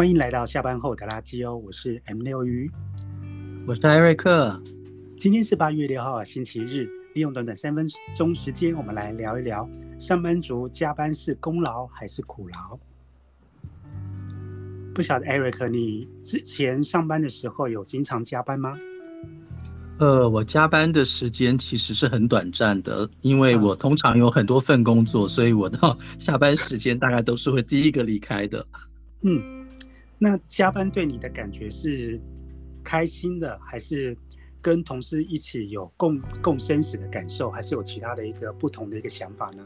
歡迎來到下班後的拉基歐，我是 M 六魚，我是艾瑞克。今天是八月六號星期日，利用短短三分鐘時間，我們來聊一聊上班族加班是功勞還是苦勞？不曉得艾瑞克，你之前上班的時候有經常加班嗎？呃，我加班的時間其實是很短暫的，因為我通常有很多份工作，所以我到下班時間大概都是會第一個離開的。 嗯。那加班對你的感覺是開心的，還是跟同事一起有共共生死的感受，還是有其他的一個不同的一個想法呢？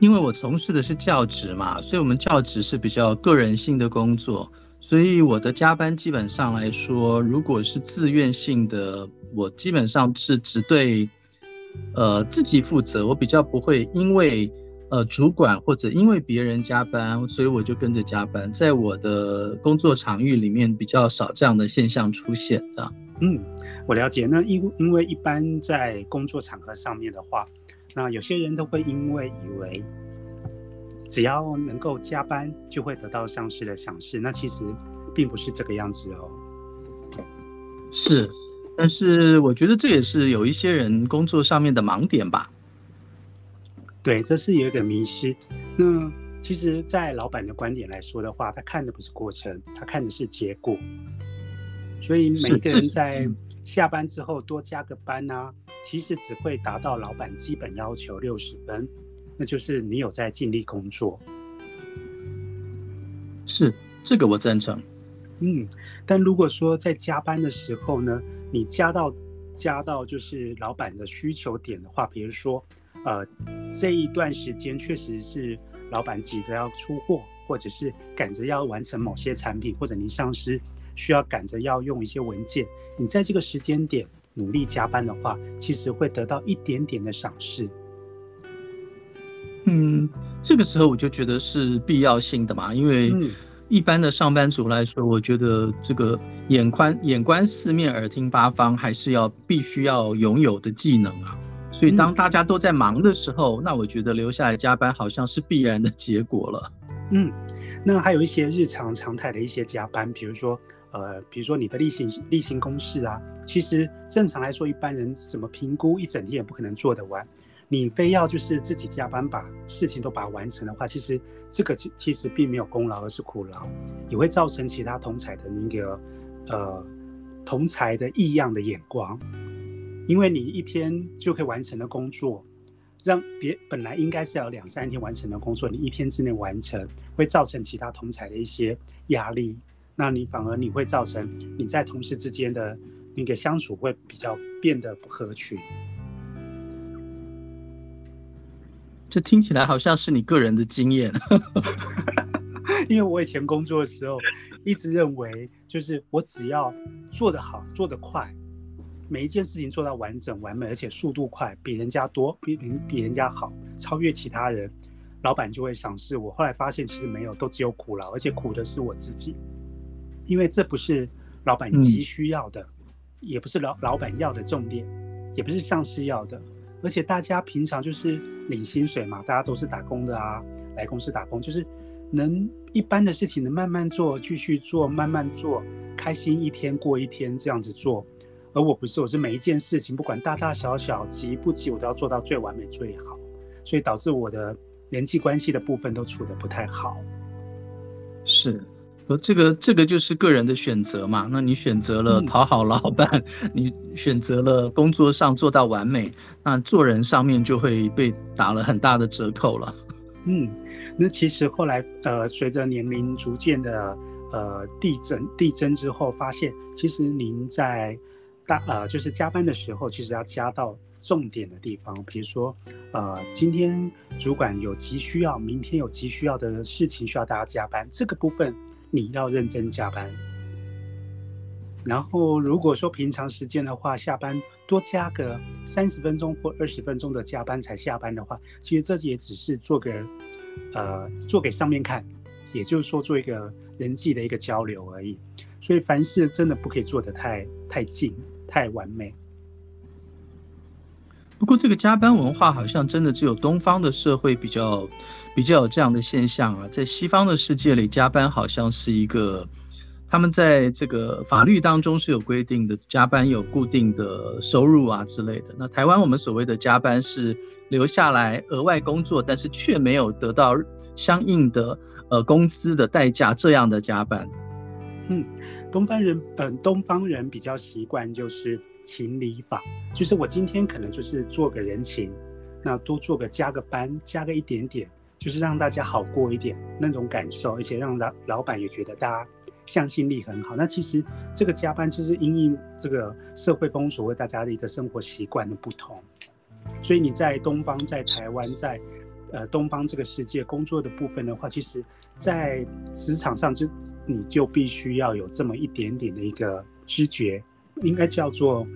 因為我從事的是教職嘛，所以我們教職是比較個人性的工作，所以我的加班基本上來說，如果是自願性的，我基本上是只對呃自己負責，我比較不會因為。呃，主管或者因為別人加班，所以我就跟着加班。在我的工作場域裡面，比較少這樣的現象出現這樣。嗯，我了解。那因因為一般在工作場合上面的話，那有些人都會因為以為，只要能夠加班就會得到上司的賞識，那其實並不是這個樣子哦。是，但是我覺得這也是有一些人工作上面的盲點吧。對，這是有點迷失。那其實，在老闆的觀點來說的話，他看的不是過程，他看的是結果。所以每個人在下班之後多加個班啊，其實只會達到老闆基本要求六十分，那就是你有在盡力工作。是，這個我贊成。嗯，但如果說在加班的時候呢，你加到加到就是老闆的需求點的話，比如說。呃，這一段時間確實是老板急着要出貨，或者是趕着要完成某些產品，或者您上司需要趕着要用一些文件，你在這個時間點努力加班的話，其實會得到一點點的賞識。嗯，這個時候我就覺得是必要性的嘛，因為一般的上班族來說，我覺得這個眼寬、眼觀四面、耳聽八方，還是要必須要擁有的技能啊。所以當大家都在忙的時候，嗯、那我覺得留下來加班好像是必然的結果了。嗯，那還有一些日常常態的一些加班，比如說呃，比如說你的例行例行公事啊，其實正常來說一般人怎麼評估一整天也不可能做得完，你非要就是自己加班把事情都把它完成的話，其實這個其其實並沒有功勞，而是苦勞，也會造成其他同儕的那個呃同儕的異樣的眼光。因為你一天就可以完成的工作，讓別本來應該是要兩三天完成的工作，你一天之內完成，會造成其他同儕的一些壓力。那你反而你會造成你在同事之間的那個相處會比較變得不合群。這聽起來好像是你個人的經驗， 因為我以前工作的時候，一直認為就是我只要做得好，做得快。每一件事情做到完整、完美，而且速度快，比人家多，比比比人家好，超越其他人，老闆就會賞識我。後來發現其實沒有，都只有苦勞，而且苦的是我自己，因為這不是老闆急需要的，也不是老老闆要的重點，也不是上司要的。而且大家平常就是領薪水嘛，大家都是打工的啊，來公司打工就是能一般的事情能慢慢做，繼續做，慢慢做，開心一天過一天，這樣子做。而我不是，我是每一件事情，不管大大小小、急不急，我都要做到最完美、最好，所以導致我的人際關係的部分都處得不太好。是，而這個這個就是個人的選擇嘛。那你選擇了討好老闆，嗯，你選擇了工作上做到完美，那做人上面就會被打了很大的折扣了。嗯，那其實後來呃，隨着年齡逐漸的呃遞增遞增之後，發現其實您在。大呃，就是加班的時候，其實要加到重點的地方，比如說，呃，今天主管有急需要，明天有急需要的事情需要大家加班，這個部分你要認真加班。然後，如果說平常時間的話，下班多加個三十分鐘或二十分鐘的加班才下班的話，其實這也只是做個，呃，做給上面看，也就是說，做一個人際的一個交流而已。所以，凡事真的不可以做得太太近。太完美。不過，這個加班文化好像真的只有東方的社會比較比較有這樣的現象啊，在西方的世界裡，加班好像是一個他們在這個法律當中是有規定的，加班有固定的收入啊之類的。那台灣我們所謂的加班是留下來額外工作，但是卻沒有得到相應的呃工資的代價，這樣的加班。嗯，東方人，嗯、呃，東方人比較習慣就是情理法，就是我今天可能就是做個人情，那多做個加個班，加個一點點，就是讓大家好過一點那種感受，而且讓老老闆也覺得大家向心力很好。那其實這個加班就是因應這個社會風俗和大家的一個生活習慣的不同，所以你在東方，在台灣，在，呃，東方這個世界工作的部分的話，其實，在職場上就你就必須要有這麼一點點的一個知覺，應該叫做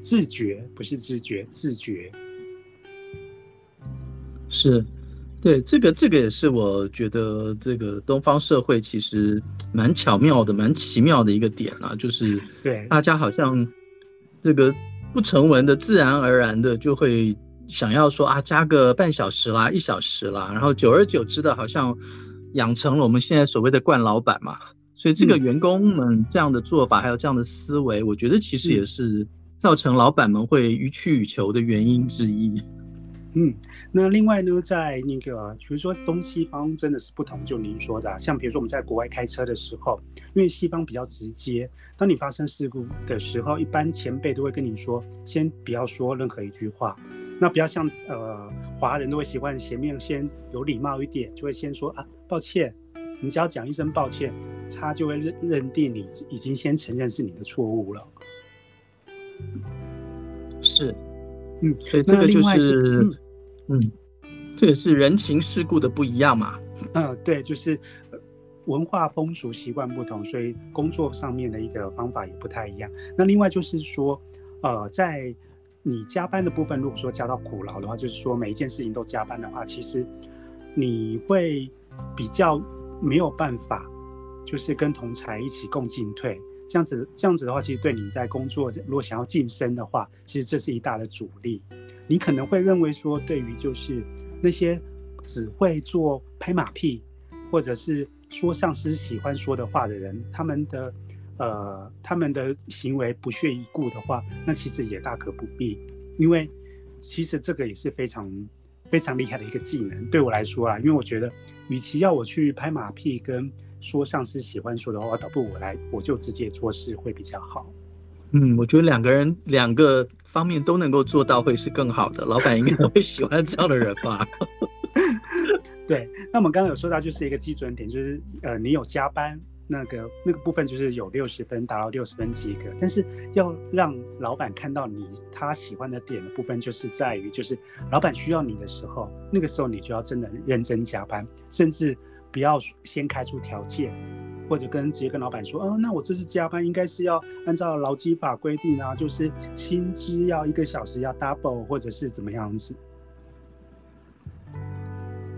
自覺，不是知覺，自覺。是，對，這個這個也是我覺得這個東方社會其實蠻巧妙的、蠻奇妙的一個點啊，就是對大家好像這個不成文的、自然而然的就會。想要說啊，加個半小時啦，一小時啦，然後久而久之的，好像養成了我們現在所謂的慣老板嘛。所以這個員工們、嗯、這樣的做法，還有這樣的思維，我覺得其實也是造成老板們會予取予求的原因之一。嗯，嗯、那另外呢，在那個、啊、比如說東西方真的是不同，就您說的、啊，像比如說我們在國外開車的時候，因為西方比較直接，當你發生事故的時候，一般前輩都會跟你說，先不要說任何一句話。那不要像呃，華人都會習慣前面先有禮貌一點，就會先說啊，抱歉。你只要講一聲抱歉，他就會認定你已經先承認是你的錯誤了。是，嗯，所以這個就是，個嗯，嗯，這也是人情世故的不一樣嘛。嗯、呃，對，就是文化風俗習慣不同，所以工作上面的一個方法也不太一樣。那另外就是說，呃，在。你加班的部分，如果說加到苦勞的話，就是說每一件事情都加班的話，其實你會比較沒有辦法，就是跟同儕一起共進退。這樣子，這樣子的話，其實對你在工作如果想要晉升的話，其實這是一大的阻力。你可能會認為說，對於就是那些只會做拍馬屁或者是說上司喜歡說的話的人，他們的。呃，他們的行為不屑一顧的話，那其實也大可不必，因為其實這個也是非常非常厲害的一個技能。對我來說啊，因為我覺得，與其要我去拍馬屁跟說上司喜歡說的話，倒不如我來，我就直接做事會比較好。嗯，我覺得兩個人兩個方面都能夠做到會是更好的，老板應該會喜歡這樣的人吧。 對，那我們剛剛有說到就是一個基準點，就是呃，你有加班。那個那個部分就是有六十分達到六十分及格，但是要讓老闆看到你他喜歡的點的部分，就是在於就是老闆需要你的時候，那個時候你就要真的認真加班，甚至不要先開出條件，或者跟，直接跟老闆說，哦、啊，那我這次加班應該是要按照勞基法規定啊，就是薪資要一個小時要 double 或者是怎麼樣子。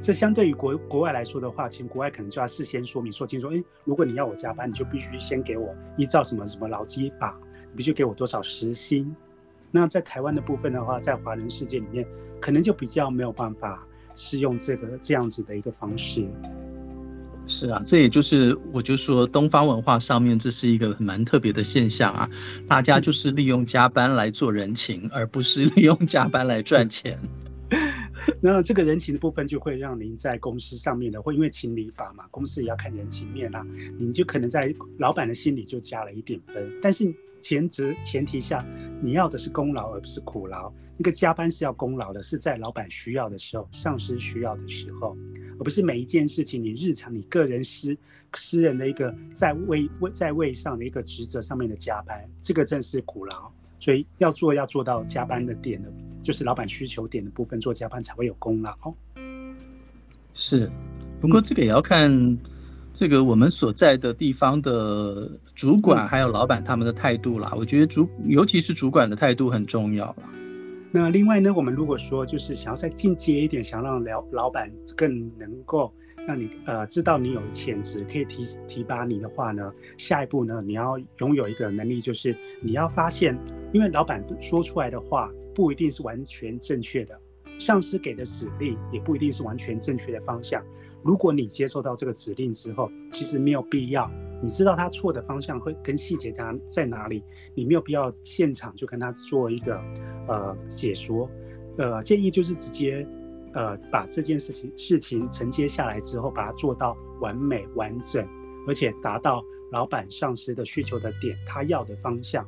這相對於國國外來說的話，其實國外可能就要事先說明說清楚，誒，如果你要我加班，你就必須先給我依照什麼什麼勞基法，你必須給我多少時薪。那在台灣的部分的話，在華人世界裡面，可能就比較沒有辦法適用這個這樣子的一個方式。是啊，這也就是我就說東方文化上面這是一個蠻特別的現象啊，大家就是利用加班來做人情，嗯、而不是利用加班來賺錢。嗯嗯那這個人情的部分就會讓您在公司上面的，會因為情理法嘛，公司也要看人情面啦、啊。你就可能在老闆的心裡就加了一點分，但是前職前提下，你要的是功勞而不是苦勞。那個加班是要功勞的，是在老闆需要的時候、上司需要的時候，而不是每一件事情你日常你個人私私人的一個在位位在位上的一個職責上面的加班，這個正是苦勞。所以要做要做到加班的點的，就是老闆需求點的部分做加班才會有功勞哦。是，不過這個也要看這個我們所在的地方的主管還有老闆他們的態度啦。嗯，我覺得主尤其是主管的態度很重要啦。那另外呢，我們如果說就是想要再進階一點，想讓老老闆更能夠。那你呃知道你有潛質可以提提拔你的話呢，下一步呢，你要擁有一個能力，就是你要發現，因為老板說出來的話不一定是完全正確的，上司給的指令也不一定是完全正確的方向。如果你接受到這個指令之後，其實沒有必要，你知道他錯的方向會跟細節在哪裡，你沒有必要現場就跟他做一個呃解說，呃建議就是直接。呃，把這件事情事情承接下來之後，把它做到完美完整，而且達到老板上司的需求的點，他要的方向。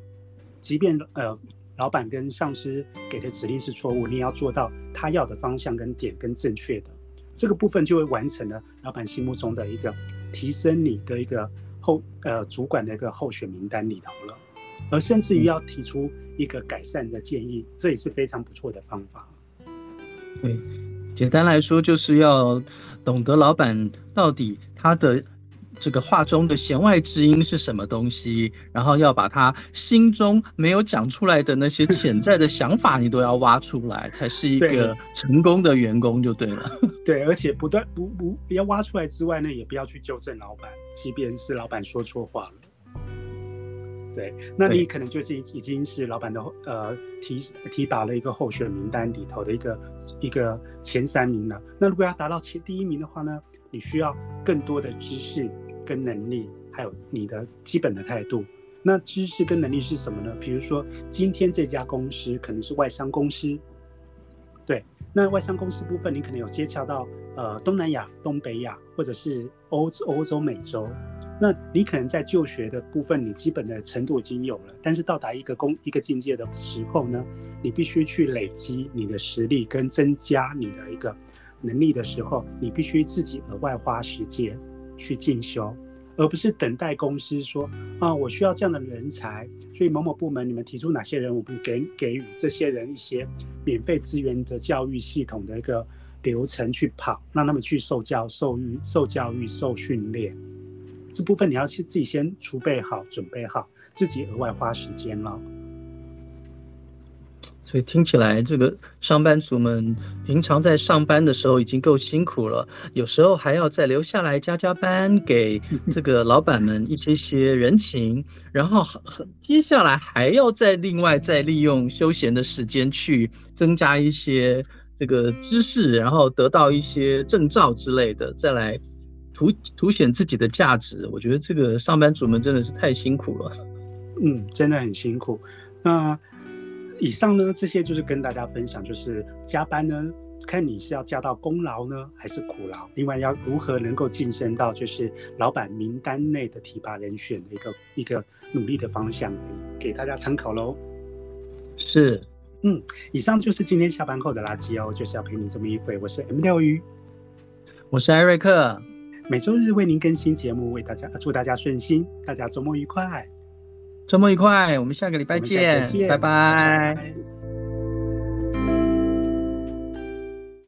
即便呃，老板跟上司給的指令是錯誤，你也要做到他要的方向跟點跟正確的。這個部分就會完成了老板心目中的一個提升你的一個候呃主管的一個候選名單裡頭了，而甚至於要提出一個改善的建議，這也是非常不錯的方法。對。簡單來說，就是要懂得老闆到底他的這個話中的弦外之音是什麼東西，然後要把他心中沒有講出來的那些潛在的想法你都要挖出來， 才是一個成功的員工就對了。對了， 對，而且不斷不不，要挖出來之外呢，也不要去糾正老闆，即便是老闆說錯話了。對，那你可能就是已經是老闆的對呃提提拔了一個候選名單裡頭的一個一個前三名了。那如果要達到前第一名的話呢，你需要更多的知識跟能力，還有你的基本的態度。那知識跟能力是什麼呢？比如說今天這家公司可能是外商公司，對，那外商公司部分你可能有接觸到呃東南亞、東北亞或者是歐歐洲、歐洲、美洲。那你可能在就學的部分，你基本的程度已經有了，但是到達一個工一個境界的時候呢，你必須去累積你的實力跟增加你的一個能力的時候，你必須自己額外花時間去進修，而不是等待公司說啊，我需要這樣的人才，所以某某部門你們提出哪些人，我們給給予這些人一些免費資源的教育系統的一個流程去跑，讓他們去受教、受育、受教育、受訓練。這部分你要去自己先儲備好、準備好，自己額外花時間咯。所以聽起來，這個上班族們平常在上班的時候已經夠辛苦了，有時候還要再留下來加加班，給這個老板們一些些人情， 然後接下來還要再另外再利用休閒的時間去增加一些這個知識，然後得到一些證照之類的，再來。凸凸顯自己的價值，我覺得這個上班族們真的是太辛苦了。嗯，真的很辛苦。那以上呢，這些就是跟大家分享，就是加班呢，看你是要加到功勞呢，還是苦勞。另外，要如何能夠晉升到就是老板名單內的提拔人選的一個一個努力的方向，給大家參考嘍。是，嗯，以上就是今天下班後的拉基歐，就是要陪你這麼一會。我是 M 釣魚，我是艾瑞克。每週日為您更新節目，為大家，祝大家順心，大家週末愉快，週末愉快，我們下個禮拜見，見，拜拜，拜拜。